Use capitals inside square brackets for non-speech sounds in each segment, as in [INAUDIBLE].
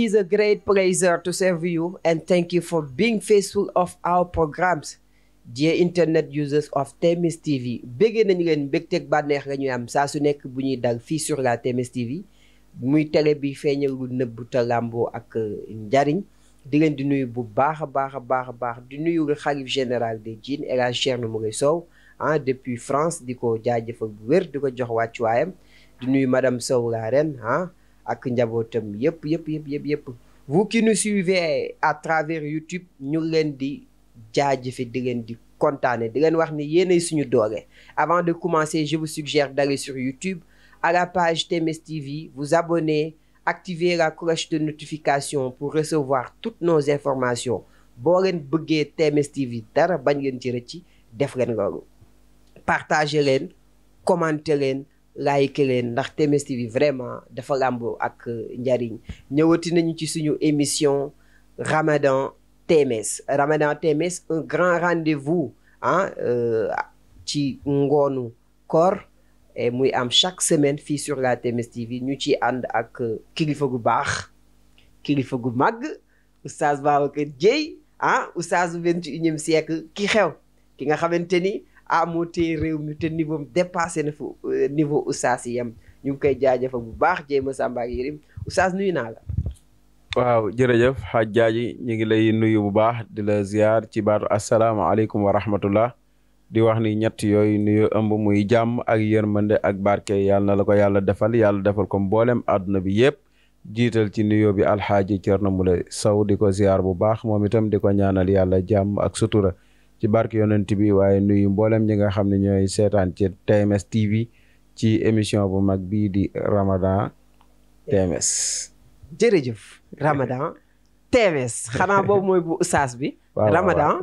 is a great pleasure to serve you and thank you for being faithful of our programs. Dear internet users of TMS TV bëggee nañu leen mbégteeg bànneex la ñuy am saa su nekk bu ñuy dal fii sur la TMS TV muy télé bi feeñalul nëbbu te làmboo ak euh, njariñ di leen di nuyu bu baax a baax a baax a baax di nuyu le xalif général des Djinns El Hadj Thierno Moule Sow ah depuis France di ko jaajëfal bu wér di ko jox wàccuwaayam di nuyu madame Sow la ren ah. ak njabootam yëpp yëpp yëpp yëpp yëpp vous qui nous suivez à travers YouTube ñu ngi leen di jaajëfe di leen di kontaane di leen wax ni yéenay suñu doole avant de commencer je vous suggère d'aller sur YouTube à la page TMS TV vous abonner activer la cloche de notification pour recevoir toutes nos informations boo leen bëggee TMS TV dara bañ leen ci rëcc def leen loolu partager leen commenter leen like leen ndax TMS TV vraiment dafa làmboo ak euh, njariñ ñëwati nañu ci suñu émission Ramadan TMS Ramadan TMS un grand rendez-vous ah ci ngoonu koor et muy am chaque semaine fii sur la TMS TV ñu ci ànd ak euh, kilifa gu baax kilifa gu màgg oustaz Babacar Dieye ah oustaz bu vingt et unième siècle ki xew ki nga xamante ah moo réew mi te niveau dépassé na fu euh, niveau Oustaz yam ñu ngi koy jaajëfal bu baax jéema Samba ak Yérim Oustaz nuyu naa la. waaw jërëjëf xaaj jaaji ñu ngi lay nuyu bu baax di la ziar ci baatu asalaamaaleykum wa rahmatullah di wax ni ñett yooyu nuyu ëmb muy jàmm ak yërmande ak barke yàlla na la ko yàlla defal yàlla defal kom mboolem àdduna bi yëpp jiital ci nuyoo bi alxaaji Cerno Mulay Saw di ko ziar bu baax moom itam di ko ñaanal yàlla jàmm ak sutura ci barke yonent bi waaye nuyu mboolem ñi nga xam ne ñooy seetaan ci TMS TV ci émission bu mag bii di Ramadan TMS. jërëjëf Ramadan TMS xanaa boobu mooy bu Oustaz bi. [LAUGHS] waaw Ramadan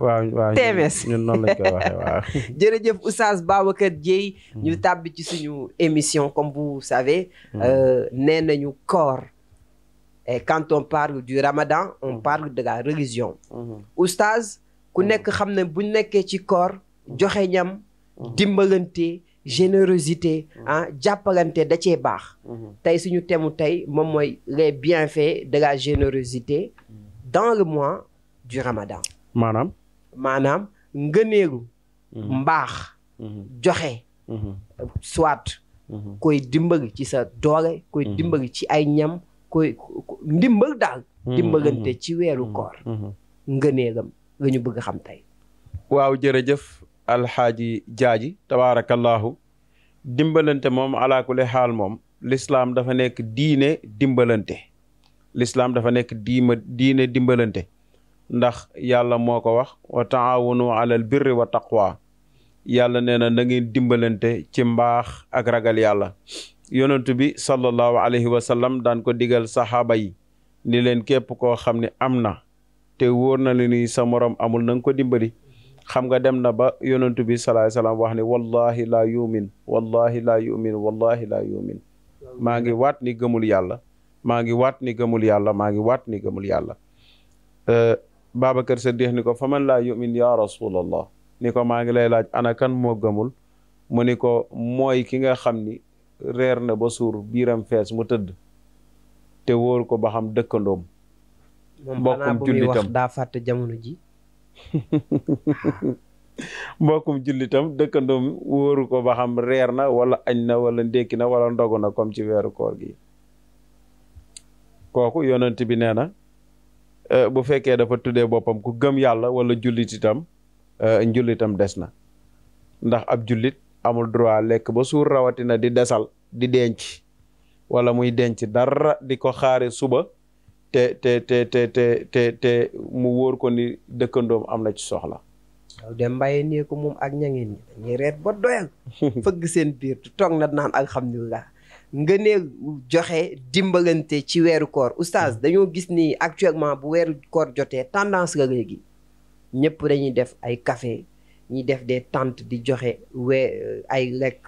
TMS ñun noonu lañ koy waxee waaw. [LAUGHS] jërëjëf Oustaz hmm. ci suñu émission comme vous savez. Hmm. Euh, nee nañu koor. et quand parle du Ramadan on hmm. parle de la religion. Oustaz. ku nekk xam ne bu nekkee ci koor joxe ñam mhm. dimbalante générosité mhm. ah jàppalante da cee baax mhm. tey suñu temu tey moom mooy les bienfaits de la générosité dans le mois du ramadan maanaam maanaam ngëneelu mbaax joxe soit koy dimbal ci sa doole koy dimbali ci ay ñam koy ndimbal daal dimbalante ci weeru koor ngëneelam la ñu bëgg xam jërëjëf alxaaji jaaji tabaarakallaahu dimbalante moom alaakule xaal moom lislaam dafa nekk diine dimbalante lislaam dafa nekk diima diine dimbalante ndax yàlla moo ko wax wa taawunu alal birri wa taqwa yàlla nee na na dimbalante ci mbaax ak ragal yàlla yonentu bi sallallahu alayhi wa daan ko digal saxaaba yi ni leen képp koo xam ne am na te wóor na la ni sa moroom amul na nga ko dimbali xam nga dem na ba yonentu bi salaay salaam wax ni wallahi laa yumin wallahi laa yumin wallahi laa yumin maa ngi waat ni gëmul yàlla maa ngi waat ni gëmul yàlla maa ngi waat ni gëmul yàlla euh, Babacar Saddiq ni ko fa man laa yumin yaa rasulallah ni ko maa ngi lay laaj ana kan moo gëmul mu ni ko mooy ki nga xam ni reer na ba suur biiram fees mu tëdd te wóor ko ba xam dëkkandoom mbokkum jullitam daa fàtte jamono ji [LAUGHS] mbokkum jullitam dëkkandoom wóoru ko ba xam reer na wala añ na wala ndékki na wala ndogu na comme ci weeru koor gi kooku yonent bi nee na eh, bu fekkee dafa tuddee boppam ku gëm yàlla wala jullit itam eh, njullitam des na ndax ab jullit amul droit lekk ba suur rawatina di desal di denc wala muy denc dara di ko xaare suba te te te te te te mu wóor ko ni dëkkandoom am na ci soxla waaw de mbaye nii ko moom ak ñangeen ñi dañuy reet ba doyal [LAUGHS] fëgg seen biir toog na naan alhamdulilah nga ne joxe dimbalante ci weeru koor oustaz hmm. dañoo gis ni actuellement bu weeru koor jotee tendance la léegi ñëpp dañuy def ay café ñuy def des tentes di joxe wee ay lekk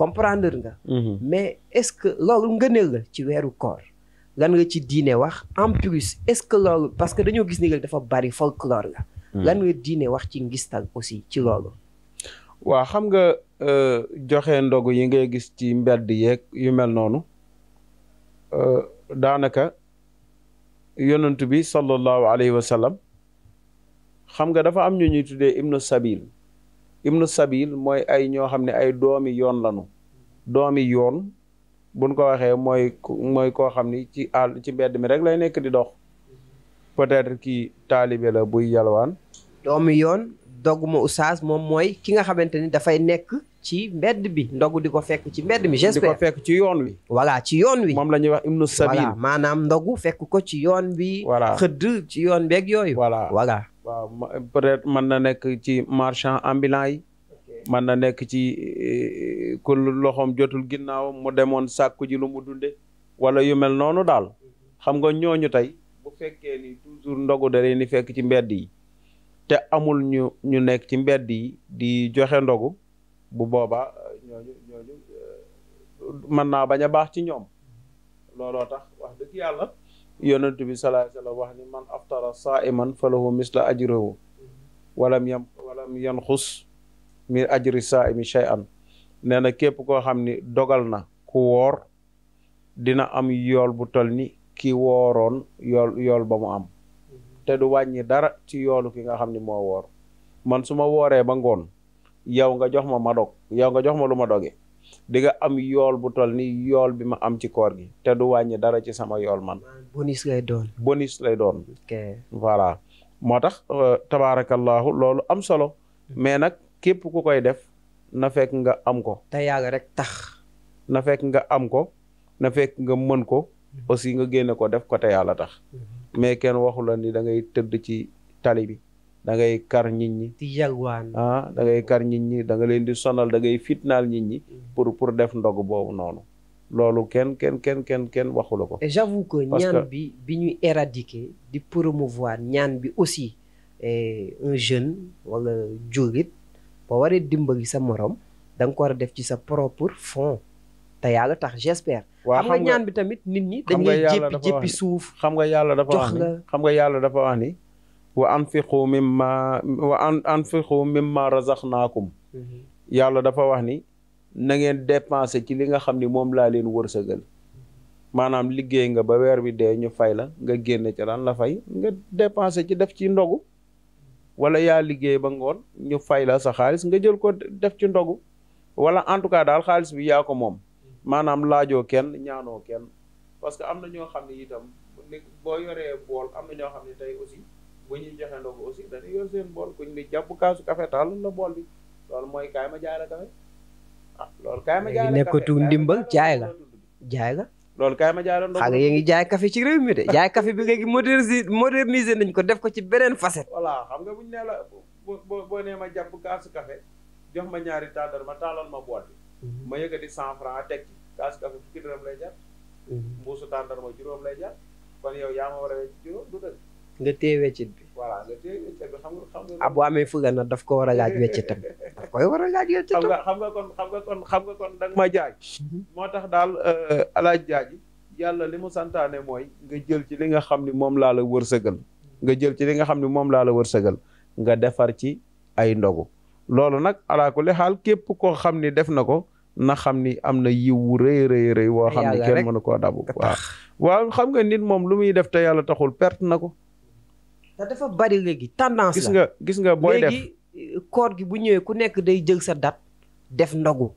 comprendre nga hmm. mais est-ce que loolu ngëneel la ci weeru koor lan la ci diine wax en plus est-ce que loolu parce que dañoo gis ni la dafa bari folklore la. Hmm. lan nga diine wax ci ngistal aussi ci loolu. waa xam nga euh, joxe ndogu yi ngay gis ci mbedd yeeg yu mel noonu euh, daanaka yonent bi sallallahu alayhi wa sallam xam nga dafa am ñu ñuy tuddee ibnu sabil ibnu sabil mooy ay ñoo xam ne ay doomi yoon lanu doomi yoon buñ ko waxee mooy mooy koo xam ni ci àll ci mbedd mi rek lay nekk di dox peut-être kii taalibe la buy yalwaan doomu yoon dogguma oustaz moom mooy ki nga xamante ni dafay nekk ci mbedd bi ndogu di ko fekk ci mbedd mi j'espère di ci yoon wi voilà ci yoon wi moom la ñuy wax ibnu sabil maanaam ndogu fekk ko ci yoon bi voilà xëdd ci yoon beeg yooyu voilà voilà waaw peut-être mën na nekk ci marchand ambulant yi man na nekk ci eh, ku loxoom jotul ginnaaw mu demoon sàkku ji lu mu dunde wala yu mel noonu daal xam nga ñooñu tey bu fekkee ni toujours ndogu da leen di fekk ci mbedd yi te amul ñu ñu nekk ci mbedd yi di joxe ndogu bu boobaa ñooñu ñooñu eh, mën naa bañ a baax ci ñoom looloo tax wax dëgg yàlla yonent bi sallallahu alayhi wasallam wax man aftara saa'iman misla ajrihi walam yam walam yanxus min ajri saa'imi shay'an nee na képp koo xam ni dogal na ku woor dina am yool bu tol ni ki wooroon yool yool ba mu am te du wàññi dara ci yoolu ki nga xam ni moo woor man su ma wooree ba ngoon yow nga jox ma ma yow nga jox ma lu ma doge di nga am yool bu tol ni yool bi ma am ci koor gi te du wàññi dara ci sama yool man bonus lay doon lay doon voilà moo tax euh, tabaarakallaahu loolu am solo mm-hmm. mais nag képp ku koy def na fekk nga am ko. te yàlla rek tax. na fekk nga am ko na fekk nga mën ko. Mhm. aussi nga génne ko def ko te yàlla tax. Mhm. mais kenn waxu la ni da ngay tëdd ci tali bi. da ngay kar nit ñi. di yalwaan ah da ngay kar nit ñi da nga leen di sonal da ngay fitnaal nit ñi. Mhm. pour pour def ndog boobu noonu. loolu kenn kenn kenn kenn kenn waxula ko. et ko que ñaan bi bi ñuy éradiquer di promouvoir ñaan bi aussi eh, un jeune wala jullit boo waree dimbali sa morom danga ko war a def ci sa propre fond te yàlla tax j'espère. waaw xam nga ñaan bi tamit nit ñi. xam nga yàlla dafa wax ni dañuy jéppi jéppi suuf. xam nga yàlla dafa wax ni xam nga yàlla dafa wax ni. wa anfiqu mimma wa an anfiqu mimma razaqnaakum mhm. yàlla dafa wax ni na ngeen dépenser ci li nga xam ni moom laa leen wërsëgal maanaam liggéey nga ba weer wi dee ñu fay la nga génn ca daan la fay nga dépenser ci def ci ndogu wala yaa liggéey ba ngoon ñu fay la sa xaalis nga jël ko def ci ndogu wala en tout cas daal xaalis bi yaa ko moom maanaam laajoo kenn ñaanoo kenn parce que am na ñoo xam ne itam boo yoree bool am na ñoo xam ne tey aussi bu ñuy joxe ndogu aussi dañuy yor seen bool kuñ ni jàpp kaasu café taal la bool bi loolu mooy kaay ma jaay la café ah, loolu kaay ma jaay la café nekkatul ndimbal jaay la loolu kaay ma jaay doon. xam nga yéen ngi jaay kafe ci réew mi de jaay café bi léegi moderniser moderniser nañ ko def ko ci beneen façon voilà xam nga bu ñu nee la boo boo nee ma jàpp kaasu café jox ma ñaari tàndar ma taalal ma boîte bi. Mhm. ma yëkkati cent franc teg ci kaasu café lay jar. Mhm. mbuusu tàndar juróom lay jar kon yow yaa ma war a juróom du dëgg. nga téye weccit bi. voilà nga téye bu ah, amee fuga nag daf ko war a laaj weccitam daf koy war a laaj weccitam. xam nga xam nga kon xam nga kon xam nga kon danga ma jaaj. Mhm. moo tax daal euh, alaaj jaaji yàlla li mu santaane mooy nga jël ci li nga xam ni moom laa la wërsëgal. nga jël ci li nga xam ni moom laa la wërsëgal nga defar ci ay ndogu. loolu nag alaa kulli xaal képp koo xam ni def na ko na xam ni am na yiw wu rëy rëy rëy woo xam ni kenn mënu koo dabu waaw xam nga nit moom lu muy def te yàlla taxul perte na ko ndax dafa bari léegi tendance gis nga gis nga booy def euh, koor gi bu ñëwee ku nekk day jël sa dat def ndogu.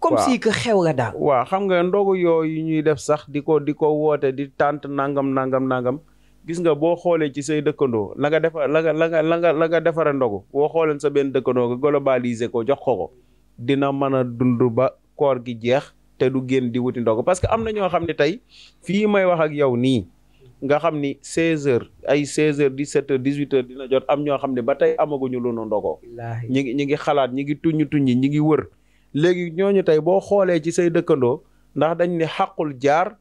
comme wow. si que xew la daal. waaw xam nga ndogu yooyu ñuy def sax di ko di ko woote di tànt nangam nangam nangam gis nga boo xoolee ci say dëkkandoo la nga defar la nga la nga defara ndogu boo xooleen sa benn dëkkandoo nga globaliser ko jox ko ko dina mën a dund ba koor gi jeex te du génn di wuti ndogu parce que am na ñoo xam ne tey fii may wax ak yow nii. nga xam ni 16h ay 16h 17h 18h dina jot am ñoo xam ne ba tey amaguñu lu nu ndogoo. ñi ngi ñi ngi xalaat ñi ngi tuññi tuññi ñi ngi wër. léegi ñooñu tey boo xoolee ci say dëkkandoo ndax dañ ne xaqul jaar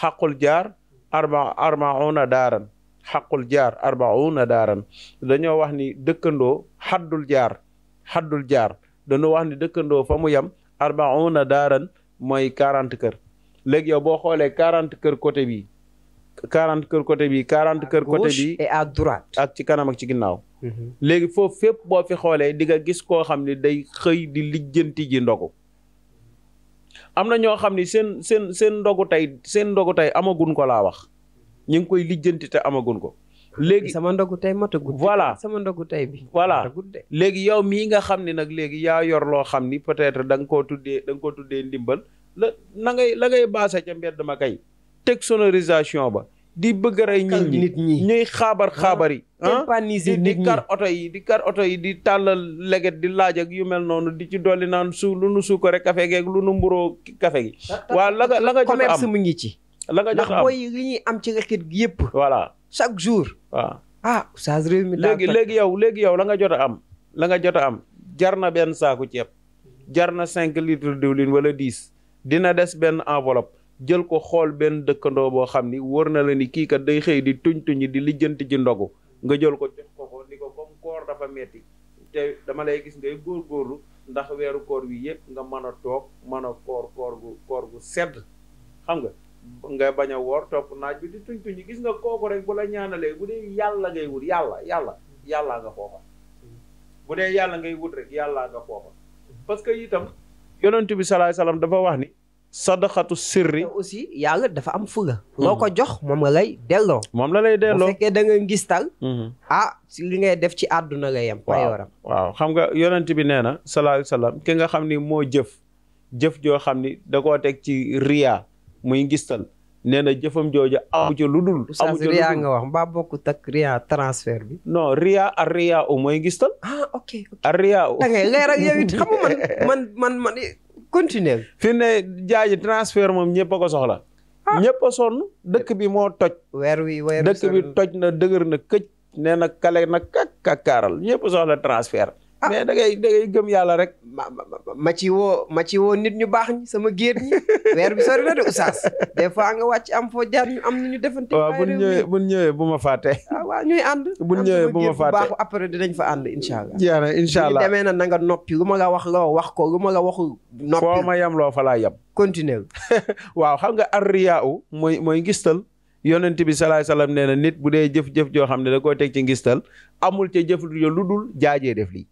xaqul jaar arba arbauna daaran xaqul jaar arbauna daaran dañoo wax ni dëkkandoo xaddul jaar xaddul jaar dañoo wax ni dëkkandoo fa mu yem arbauna daaran mooy quarante kër léegi yow boo xoolee quarante kër côté bii quarante kër côté bi quarante kër côté bi et à ak ci kanam ak ci ginnaaw mhm. léegi foofu fépp boo fi xoolee di nga gis koo xam ne day xëy di lijjanti ji ndogu am na ñoo xam ne seen seen seen ndogu tey seen ndogu tey amagun ko laa wax ñu ngi koy lijjanti te amagun ko léegi sama ndogu tey matagut voilà sama ndogu tey bi voilà léegi yow mii nga xam ni nag léegi yaa yor loo xam ni peut-être da nga koo tuddee da koo tuddee ndimbal la na ngay la ngay baase ca mbedd ma kay teg sonorisation ba di bëgg rey nit ñi ñuy xaabar xaabar yi ah? di kar oto yi di kar oto yi di tàllal leget di laaj yu mel noonu di ci dolli naan su lu nu suukare kafe geeg lu nu mburoo kafe gi waa la la nga jot am commerce mu ngi ci la nga jot am li am ci reket gi yëpp voilà chaque jour waaw ah saa léegi léegi yow léegi yow la nga jot a am la nga jot a am jar na benn saaku ceeb jar na cinq litres diwlin wala dix dina des benn enveloppe jël ko xool benn dëkkandoo boo xam ni wër na la ni kii kat day xëy di tuñ tuñi di lijjanti ci ndogu nga jël ko jox ko ko ni ko comme koor dafa metti te dama lay gis ngay góor góorlu ndax weeru koor wi yëpp nga mën a toog mën a koor koor gu koor gu sedd xam nga nga bañ a woor topp naaj bi di tuñ tuñi gis nga kooku rek bu la ñaanalee bu dee yàlla ngay wut yàlla yàlla yàllaa nga foofa bu yàlla ngay wut rek yàllaa nga foofa parce que itam yonent bi salaay dafa wax ni sadaxatu sirri. aussi yàlla dafa am fula. Mhm. loo ko jox moom la lay delloo. moom la lay delloo bu fekkee da nga gis tal. Mhm. ah li ngay def ci àdduna la yem. waaw waaw xam nga yonent bi nee na. salaahu salaam ki nga xam ni moo jëf. jëf joo xam ni da koo teg ci riya muy gistal nee na jëfam jooja amu ca lu dul. amu ca lu dul riya nga wax mbaa bokkut ak riya transfert bi. non riya ak riya u mooy gistal. ah ok ok ak riya u. da ngay leeral yow it [LAUGHS] xam man man man man. continuer fine ne jaaji transfert moom ñëpp a ko soxla. Ah. ñëpp a dëkk bi moo toj. weer wi weer dëkk bi toj na dëgër na këj nee na kale na kak kakaaral ñëpp soxla transfert. mais da ngay da ngay gëm yàlla rek. ma ma ci woo ma ci woo nit ñu baax ñi sama géer ñi weer bi sori na de oustaz des fois nga wàcc am foo jaar ñu am na ñu defante. waaw bu ñëwee bu ñëwee bu ma fàtte. ah waaw ñuy ànd. bu ñëwee bu ma fàtte baax après dinañ fa ànd incha allah. jeex na incha allah demee na na nga noppi lu ma la wax loo wax ko lu ma la waxul. noppi foo ma yem loo fa laa yem. continuer [LAUGHS] waaw xam nga arriyaa u mooy mooy ngistal. yonent bi salaay salaam nee na nit bu dee jëf-jëf joo xam ne da koo teg ci ngistal amul ca jëf lu dul jaajee def lii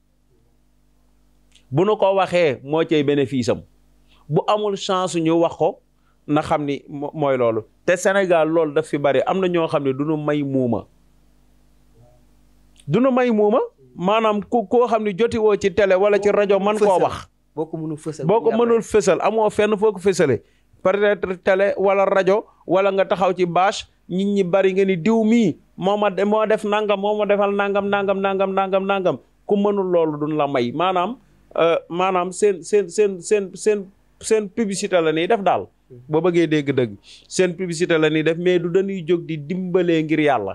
bu nu ko waxee moo cay bénéfice am bu amul chance ñu wax ko na xam ni mooy loolu te Sénégal loolu daf fi bari am na ñoo xam ne du nu may muuma du nu may muuma maanaam ku koo xam ne woo ci tele wala ci rajo man koo wax boo ko mënul fësal boo mënul fësal amoo fenn foo ko fësale peut-être télé wala rajo wala nga taxaw ci bâche nit ñi bari nga ni diw mii moo ma moo def nangam moo ma defal nangam nangam nangam nangam nangam ku mënul loolu duñ la may maanaam Euh, maanaam seen seen seen seen seen seen publicité la ñuy def daal. Mhm. boo bëggee dégg-dëgg seen publicité la ñuy def mais du dañuy jóg di dimbalee ngir yàlla.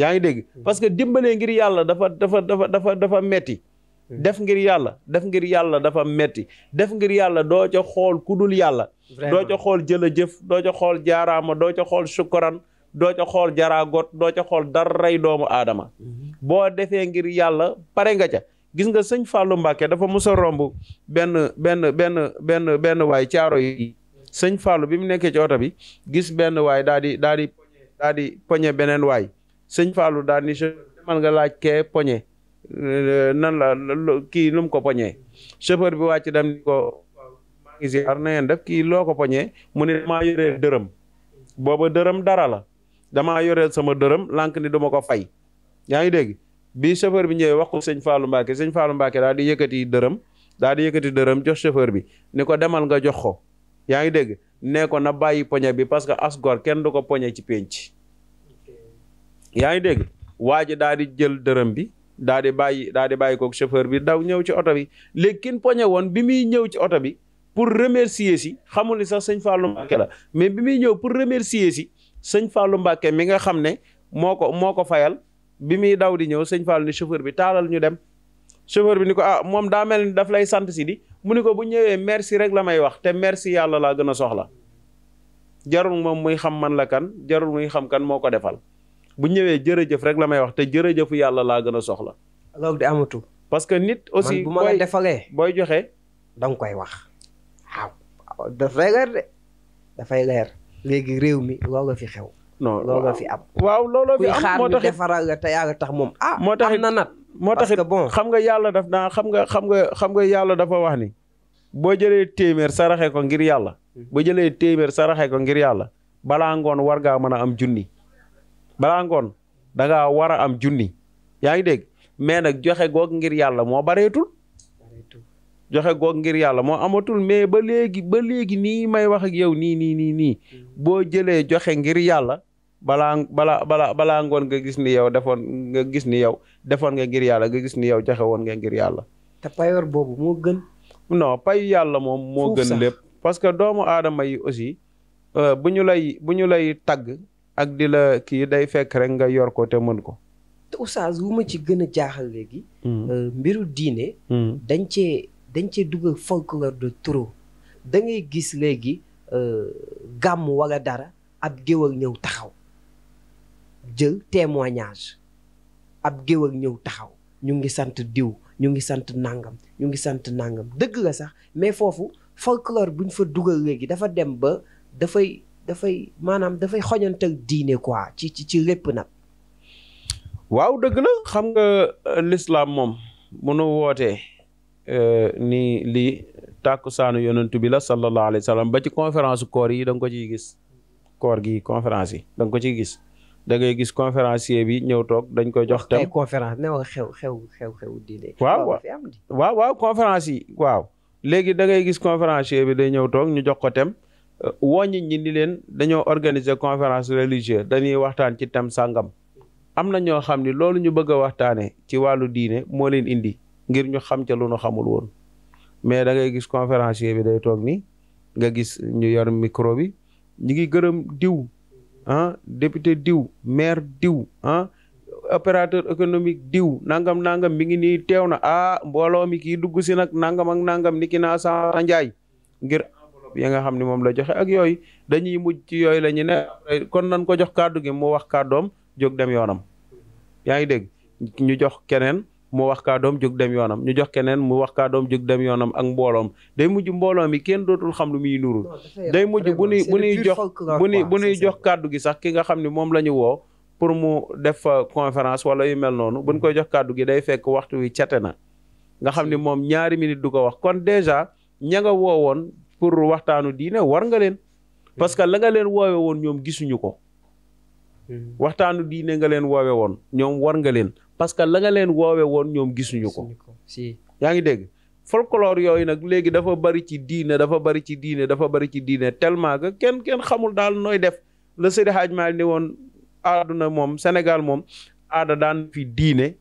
yaa ngi dégg mhm. parce que dimbalee ngir yàlla dafa dafa dafa dafa dafa metti mhm. def ngir yàlla def ngir yàlla dafa metti def ngir yàlla doo ca xool ku dul yàlla. doo ca xool jëf doo ca xool jaaraama doo ca xool sukkuran doo ca xool jaraagot doo ca xool daray doomu aadama. boo defee ngir yàlla pare nga ca. gis nga sëñ falu Mbacke dafa mos a romb benn benn benn benn benn waay caaro yi sëñ Fallou bi mu nekkee ci oto bi gis benn waay daal di daal di poñe beneen waay sëñ Fallou daal di demal nga laaj kee poñe euh, nan la kii lu mu ko poñee chauffeur bi wàcc dem ni ko maa ngi ziar na ngeen def kii loo ko poñee mu ne damaa yoreel dërëm booba dërëm dara la damaa yoreel sama dërëm lànk ni duma ko fay yaa ngi dégg bi chauffeur bi ñëwee wax ko sëñ faalu Mbacke sëñ Fallou Mbacke daal di yëkkati dërëm daal di yëkkati dërëm jox chauffeur bi ni ko demal nga jox ko yaa ngi dégg nee ko na bàyyi poñe bi parce que as kenn du ko poñe ci pénc yaa ngi dégg waa ji daal di jël dërëm bi daal di bàyyi daal di bàyyi koog chauffeur bi daw ñëw ci oto bi léegi kin poñe woon bi muy ñëw ci oto bi pour remercier si xamul sax sëñ Fallou Mbacke la mais bi muy ñëw pour remercier si sëñ Fallou Mbacke mi nga xam ne moo ko moo ko fayal bi muy daw di ñëw sëñ Fall ni chauffeur bi taalal ñu dem chauffeur bi ni ko ah moom daa mel ni daf lay sant si di mu ni ko bu ñëwee merci rek la may wax te merci yàlla laa gën a soxla jarul moom muy xam man la kan jarul muy xam kan moo ko defal bu ñëwee jërëjëf rek la may wax te jërëjëfu yàlla laa gën a soxla. loolu di amatu. parce que nit aussi man bu ma la defalee booy joxe. da nga koy wax waaw. dafay leer de dafay leer léegi réew mi loolu la fi xew. non looloo fi am. waaw looloo fi am moo tax kuy yàlla tax moom. ah moo tax na nat. moo tax it xam nga yàlla def naa xam nga xam nga xam yàlla dafa wax ni. boo jëlee téeméer saraxe ko ngir yàlla. boo jëlee téeméer saraxe ko ngir yàlla. balaa ngoon war ngaa mën a am junni. balaa ngoon da war a am junni. yaa ngi dégg mais nag joxe goog ngir yàlla moo bareetul. joxe goog ngir yàlla moo amatul mais ba léegi ba léegi nii may wax ak yow nii nii nii nii mm. boo jëlee joxe ngir yàlla balaa balaa balaa balaa ngoon nga gis ni yow defoon nga gis ni yow defoon nga ngir yàlla nga gis ni yow joxe woon nga ngir yàlla. te payoor boobu moo gën. no payu yàlla moom moo gën lépp. parce que doomu aadama yi aussi uh, bu ñu lay bu ñu lay tagg ak di la kii day fekk rek nga yor ko te mën ko. te oustaz wu ma ci gën jaaxal léegi. Hmm. Euh, mbiru diine. Hmm. dañ cee dañ cee dugal folklore de trop dangay gis léegi euh, gàmm wala dara ab géwal ñëw taxaw jël témoignage ab géwal ñëw taxaw ñu ngi sant diw ñu ngi sant nangam ñu ngi sant nangam dëgg la sax mais foofu folklore buñ fa dugal léegi dafa dem ba dafay dafay maanaam dafay xoñantal diine quoi ci ci ci lépp nag. waaw dëgg la xam nga euh, lislaam moom munu wootee Euh, ni lii tàkkusaanu yonentu bi la sallallahu alayhi wa sallam ba ci conférence koor yi da nga ko ciy gis koor gi conférence yi danga ko ci gis da ngay gis conférencier bi ñëw toog dañ koy jox tam conférence ne xew xew xew xew diine waaw waaw waaw conférence yi waaw léegi da ngay gis conférencier bi day ñëw toog ñu jox ko tem euh, woññi ñi ni leen dañoo organiser conférence religieuse dañuy waxtaan ci tem sàngam am na ñoo xam ni loolu ñu bëgg a waxtaanee ci wàllu diine moo leen indi ngir ñu xam ca lu nu xamul woon mais da ngay gis conférencier bi day toog ni nga gis ñu yor micro bi ñu ngi gërëm diw ah député diw maire diw ah opérateur économique diw nangam nangam mi ngi nii teew na ah mbooloo mi kii dugg si nag nangam ak nangam ni ki naa sa njaay ngir enveloppe ya nga xam ne moom la joxe ak yooyu dañuy mujj ci yooyu la ñu ne kon nañ ko jox kàddu gi mu wax kàddoom jog dem yoonam yaa ngi dégg ñu jox keneen mu wax kaa doom jóg dem yoonam ñu jox keneen mu wax kaa doom jóg dem yoonam ak mbooloom day mujj mbooloo mi kenn dootul xam lu muy nuru day mujj bu nuy bu nuy jox bu nuy bu nuy jox kàddu gi sax ki nga xam ni moom la ñu woo pour mu def euh, conférence wala yu mel noonu buñ koy jox kàddu gi day fekk waxtu wi cate na nga xam ni moom ñaari minute du ko wax kon déjà ña woo woon pour waxtaanu diine war nga leen parce que la nga leen woowe woon ñoom gisuñu ko mm-hmm. waxtaanu diine nga leen woowe woon ñoom war nga leen parce que la leen woowe woon ñoom gisuñu ko si yaa ngi dégg folklore yooyu nag léegi dafa bari ci diine dafa bari ci diine dafa bari ci diine tellement que kenn kenn xamul daal nooy def le Seydi Hadj Malick ni woon aaduna moom Sénégal moom aada daan fi diine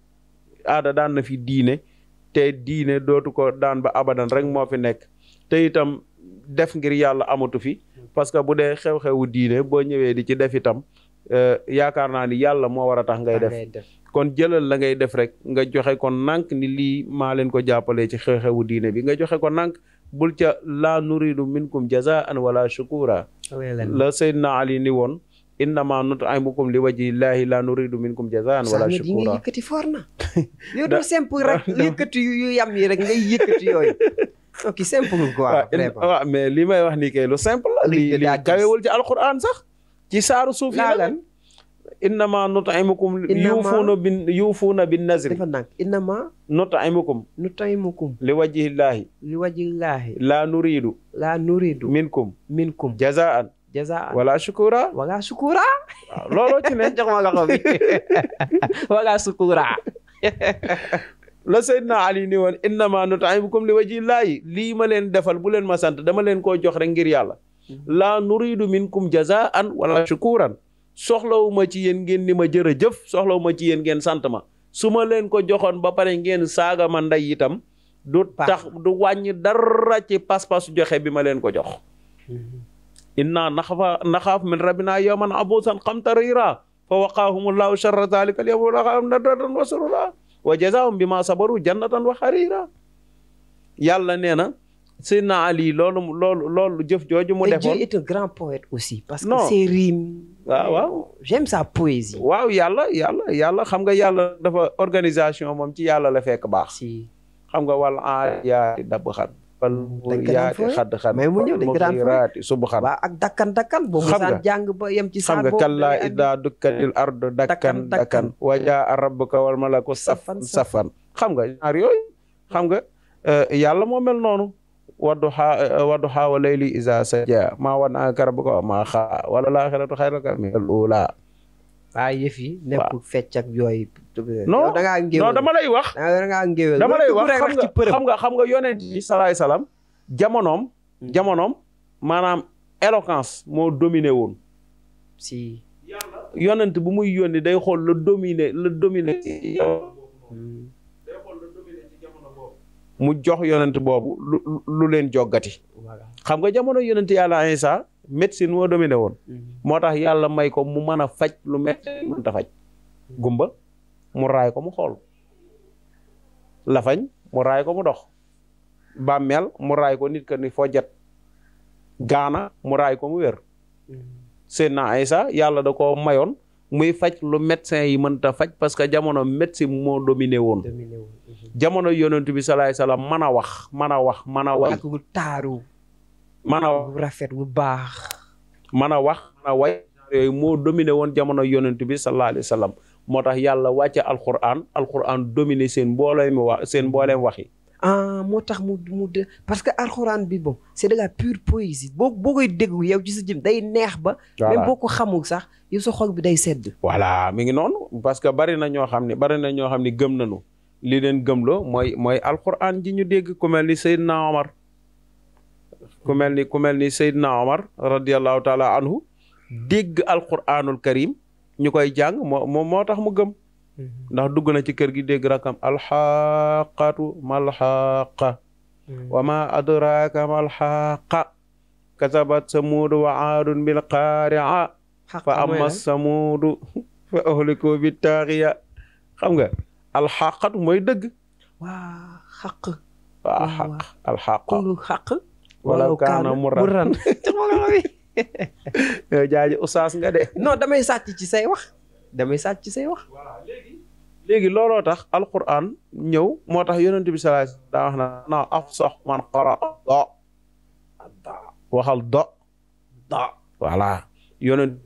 aada daan na fi diine te diine dootu ko daan ba abadan rek moo fi nekk te itam def ngir yàlla amatu fi parce que bu dee xew-xewu diine boo ñëwee di ci def itam euh, yaakaar naa ni yàlla moo war a tax ngay def kon jëlal la ngay def rek nga joxe ko nànk ni lii maa leen ko jàppalee ci xew-xewu diine bi nga joxe ko nànk bul ca laa nuridu minkum jazaan wala shukura la Seydina Ali ni woon innama nut'imukum li wajhi llahi la nuridu minkum jazaan wala shukura yëkkati foor na [LAUGHS] yow doo simple rek [LAUGHS] yëkkati yu yam yi rek ngay yëkkati yooyu ok simple quoi waaw [LAUGHS] ah, mais li may wax nii kay lu simple la li kawewul ci ci saaru suuf yi la innama nut'imukum yuufuuna bin yuufuuna bin nazri dafa nag minkum minkum wala shukura wala ne jox ma loxo bi shukura la Seydina Ali ni woon innama nut'imukum defal bu leen ma sant dama leen koo jox ngir yàlla minkum jazaan wala shukuran soxlawuma ci yéen ngeen ni ma jërëjëf soxlawuma ci yéen ngeen sant ma su ma leen ko joxoon ba pare ngeen saaga ma ndey itam du tax du wàññi dara ci pas-pas joxe bi ma leen ko jox mm-hmm. inna naxafa naxaaf min rabbina yawman abuusan qamtarira fa waqaahumullahu sharra zalika al yawm laqaam nadratan wa surura wa bi ma sabaru jannatan wa harira yàlla nee na Seydina Ali loolu loolu loolu jëf jooju mu defoon. parce que ses rimes waaw waaw sa poésie. waaw yàlla yàlla yàlla xam nga yàlla dafa organisation moom ci yàlla la fekk baax. si xam nga wala ah yaati dabb xat. dañ yaati xadd xadd mu ñëw dañ ko ak dakkan dakkan. boobu musaan jàng ba yam ci saar boobu. xam nga kallaa iddaa dukkatil ardu dakkan dakkan. wajaa rabbuka wal malaku safan safan. xam nga ñaar yooyu xam nga eh, yàlla moo mel noonu. wadduha wadduha wa layli iza saja maa wanaaka rabbuka wa maa xaa wala laaxiratu xayrun laka minal uulaa ah yëf yi nekkul fecc ak yooyu. dama lay wax. Ah, dama lay wax xam nga xam nga yonent bi salaay salaam. jamonoom. Hmm. jamonoom maanaam éloquence moo dominé woon. si. yonent bu muy yónni day xool la dominé la dominé. Hmm. mu jox yonent boobu lu leen joggati. xam nga jamono yonent yàlla Isa médecine moo dominé woon. Mhm. moo tax yàlla may ko mu mën a faj lu métti mënta faj. Mhm. gumba mu raay ko mu xool lafañ mu raay ko mu dox bàmmeel mu raay ko nit ka ni foo jot gaana mu raay ko mu wér. Mhm. seen na Isa yàlla da ko mayoon muy faj lu médecin yi mënta faj parce que jamono médecine moo dominé woon. Mhm. jamono yonent bi salaay salaam mën a wax mën a wax mën a. way ak taaru. mën a wax bu baax. mën a wax mën a moo dominé woon jamono yonent bi sallallahu alayhi moo tax yàlla wàcce alquran alquran dominé seen mbooleem wax seen mbooleem waxi Ah, moo tax mu mu parce que alxuraan bi bon c'est de la poésie boo boo koy déglu yow ci sa jëm day neex ba. même boo ko xamul sax yow sa xol bi day sedd. voilà mi ngi noonu parce que bari na ñoo xam ne bari na ñoo xam ne gëm nañu li leen gëmloo mooy mooy alxuraan ji ñu dégg ku mel ni Seydina Omar. ku mel ni ku mel ni Seydina Omar radiyallahu taala anhu dégg alxuraanul karim ñu koy jàng moo tax mu gëm. ndax dugg na ci kër gi dégg rakam alxaqatu hmm. wa ma adraka malxaqa kasabat samuudu wa aadun bil qaari'a fa amma samuudu [LAUGHS] fa ahliku bi taaxiya xam nga alxaqatu mooy dëgg waa xaq waa xaq alxaqa wala kaana murran [LAUGHS] [LAUGHS] jaaji usaas nga de non damay sàcc ci say wax damay sàcc ci say wax. léegi looloo tax alquran ñëw moo tax yonent bi sallallahu alayhi wax na naa afsax man qara do da waxal do da voilà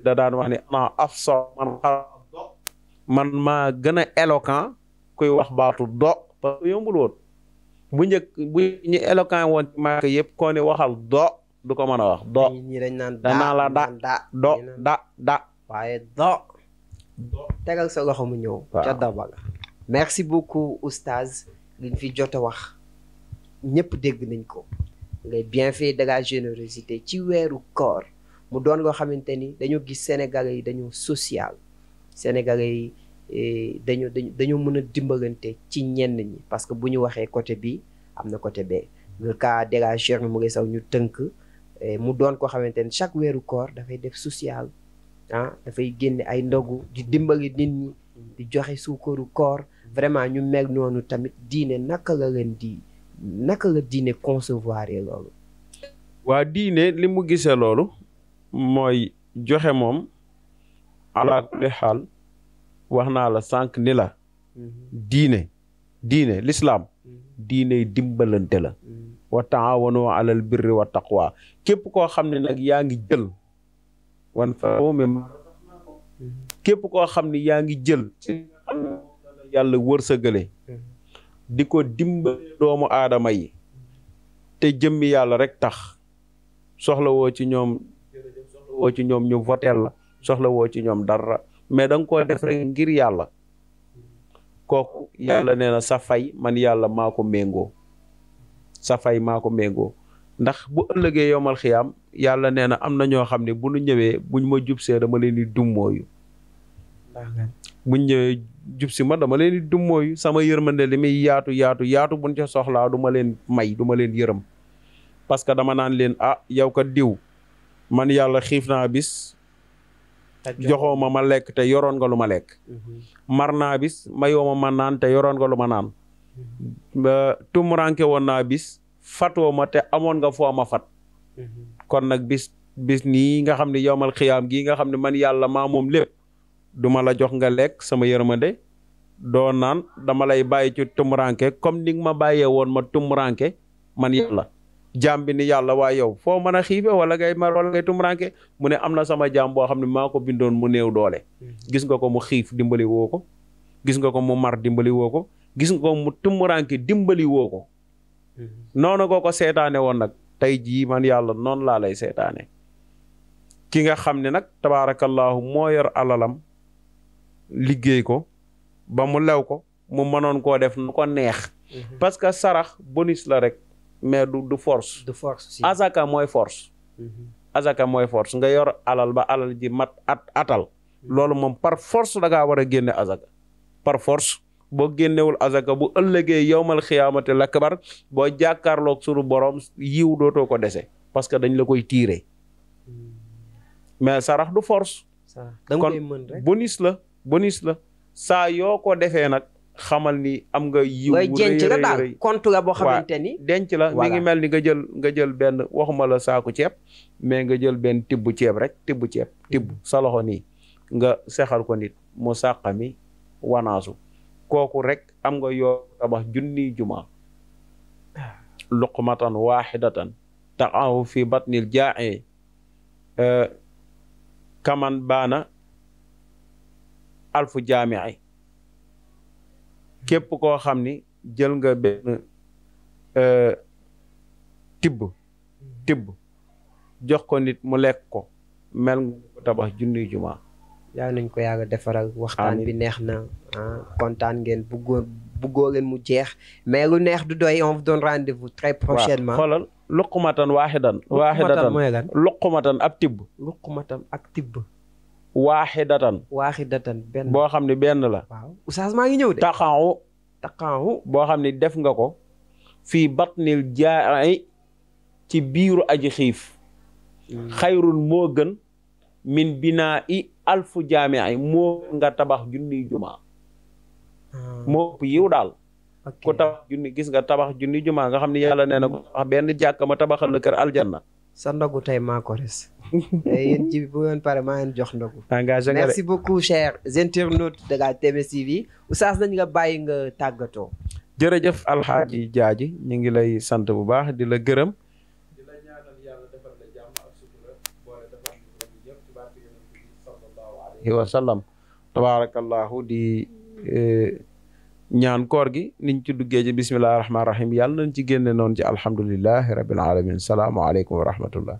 da daan wax ne naa afsax man qara do gën a éloquent kuy wax baatu do parce que yombul woon bu njëkk bu ñu éloquent woon ci maaka yëpp koo ne waxal do du ko mën a wax do danaa la da do da da tegal sa loxo mu ñëw ca daba la merci beaucoup oustaz liñ fi jot a wax ñëpp dégg nañ ko les bienfaits de la générosité ci weeru koor mu doon loo xamante ni dañoo gis sénégalais yi dañoo social sénégalais yi dañoo eh, dañoo dañoo mën a dimbalante ci ñenn ñi parce que bu ñu waxee côté bi am na côté bee le cas de la Cheikh Moulay Sow ñu tënk eh, mu doon koo xamante ni chaque weeru koor dafay def social Ah, dafay génne ay ndogu di dimbali nit ñi di joxe suukaru koor vraiment ñu mel noonu tamit diine naka la leen di naka la diine consevoir loolu waa diine li mu gise loolu mooy joxe moom alaat li xaal wax naa la sànq ni la mm-hmm. diine diine lislaam mm-hmm. diine dimbalante la mm-hmm. wa taawanu alal birri wa taqwa képp koo xam ne nag yaa ngi jël wan fa képp koo xam ni yaa ngi jël yàlla wërsëgale di ko dimbali doomu aadama yi te jëmm yàlla rek tax soxlawoo ci ñoom woo ci ñoom ñu voteel la soxla woo ci ñoom dara mais danga ko koo def rek ngir yàlla kooku yàlla nee na sa fay man yàlla maa ko méngoo sa fay maa ko méngoo ndax bu ëllëgee yomal xiyaam yàlla nee na am na ñoo xam ne bu ñu ñëwee buñ ma jub see dama leen di dummóoyu buñ ñëwee jub si ma dama leen di dummóoyu sama yërmande li muy yaatu yaatu yaatu buñ ca soxlaa duma leen may duma leen yërëm parce que dama naan leen ah yow ka diw man yàlla xiif naa bis joxoo ma ma lekk te yoroon nga lu ma lekk mhm. mar naa bis mayoo ma ma naan te yoroon nga lu ma naan mhm. tumranke woon naa bis fatoo ma te amoon nga fooma ma fat kon nag bis bis nii nga xam ne yowmal xiyaam gii nga xam ne man yàlla maa moom lépp duma la jox nga lekk sama yërmande doo naan dama lay bàyyi ci tumuraanke comme ni ma bàyyee woon ma tumuranke man yàlla jaam bi ni yàlla waa yow foo man a xiife wala ngay mar wala mu ne am na sama jaam boo xam ne maa ko bindoon mu néew doole gis nga ko mu xiif dimbali woo ko gis nga ko mu mar dimbali woo ko gis nga ko mu tumuranke ko noonu goo ko seetaane woon nag tey jii man yàlla noonu laa lay seetaane ki nga xam ne nag tabaarakallaahu moo yor alalam liggéey ko ba mu lew ko mu mënoon koo def nu ko neex mhm. parce que sarax bonus la rek mais du du force du force azaka mooy force mhm. azaka mooy force nga yor alal ba alal ji mat at atal mhm. loolu moom par force da ngaa a génne azaka par force boo génnewul azaka bu ëllëgee yowmal lakk lakbar boo jàkkaarloog suru borom yiw dootoo ko desee parce que dañ la koy tiire mais sarax du force. kon bonus la bonus la saa yoo ko defee nag xamal ni am nga. yiw wu denc la daal compte la boo xamante ni. denc la mi ngi mel ni nga jël nga jël benn waxuma la saaku ceeb mais nga jël benn tibb ceeb rek tibb ceeb tibb mm. sa loxo nii nga seexal ko nit mu sàqami wanaasu. kooku rek am nga yoo tabax junniy juma luqmatan waxidatan taqahu fi batnil jaa'i eh, kaman baana alfu jaami'i képp koo xam ni jël nga benn eh, tibb tibb jox ko nit mu lekk ko mel nga tabax junni juma yàlla nañ ko yàgg a defaral waxtaan bi neex na ah, kontaan ngeen bëggoo bëggoo leen mu jeex mais lu neex du doy on vous donne rendez-vous très prochainement xoolal luqumatan waaxidatan waaxidatan mooy lan luqumatan ab tibb luqumatan ak tibb waaxidatan waaxidatan benn boo xam ne benn la waaw oustaz maa ngi ñëw de taqaawu taqaawu boo xam ne def nga ko fii batnil jaay ci biiru aji xiif hmm. xayrul moo gën min binaa i alfu ay moo nga tabax junniy jumaa moo ëpp yiw daal ku tabax junni gis nga tabax junni jumaa nga xam ne yàlla nee na benn jàkka ma tabaxal la kër aljanna sa ndogu tey maa ko res [LAUGHS] eh, yéen ji bu ngeen pare maa leen jox ndogu engagé nga merci beaucoup chers internautes de la TMS TV oustaz nañ nga bàyyi nga tàggatoo jërëjëf alxaaji jaaji ñu ngi lay sant bu baax di la gërëm alayhi wa sallam tabaarakallaahu di e, ñaan koor gi niñ ci duggee ci bismillahi rahmaani rahim yàlla nañ ci génne noonu ci alhamdulilahi rabil alamin salaamaaleykum wa rahmatullah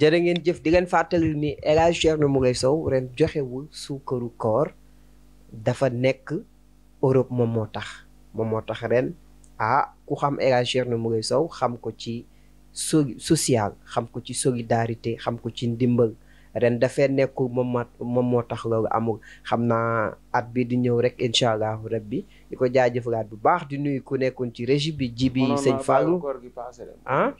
jërë ngeen jëf di leen fàttali ni El Hadj Thierno Moule Sow ren joxewul suukaru koor dafa nekk Europe moom moo tax moom moo tax ren ah ku xam El Hadj Thierno Moule xam ko ci so xam ko ci solidarité xam ko ci ndimbal ren dafee nekk moom moom moo tax loolu amul xam naa at bi di ñëw rek incha allah rabbi di ko jaajëfalaat bu baax di nuy ku nekkoon ci régie bi ji bi sëñ Fallou ah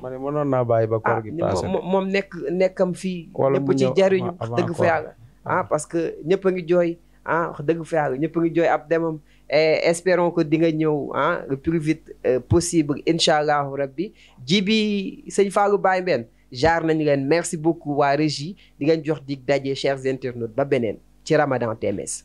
mënoon naa bàyyi ba koor gi ah, moom nekk nekkam fii ñëpp ci jariñu wax dëgg fa yàlla ah. ah parce que ñëpp a ngi jooy ah wax dëgg ñëpp a ngi jooy ab demam eh, espérons que di nga ñëw ah le plus vite euh, incha allah rabbi ji bi sëñ Fallou Baye jar nañu leen merci beaucoup waa régie di ngeen jox dig daje chers internautes ba beneen ci Ramadan temes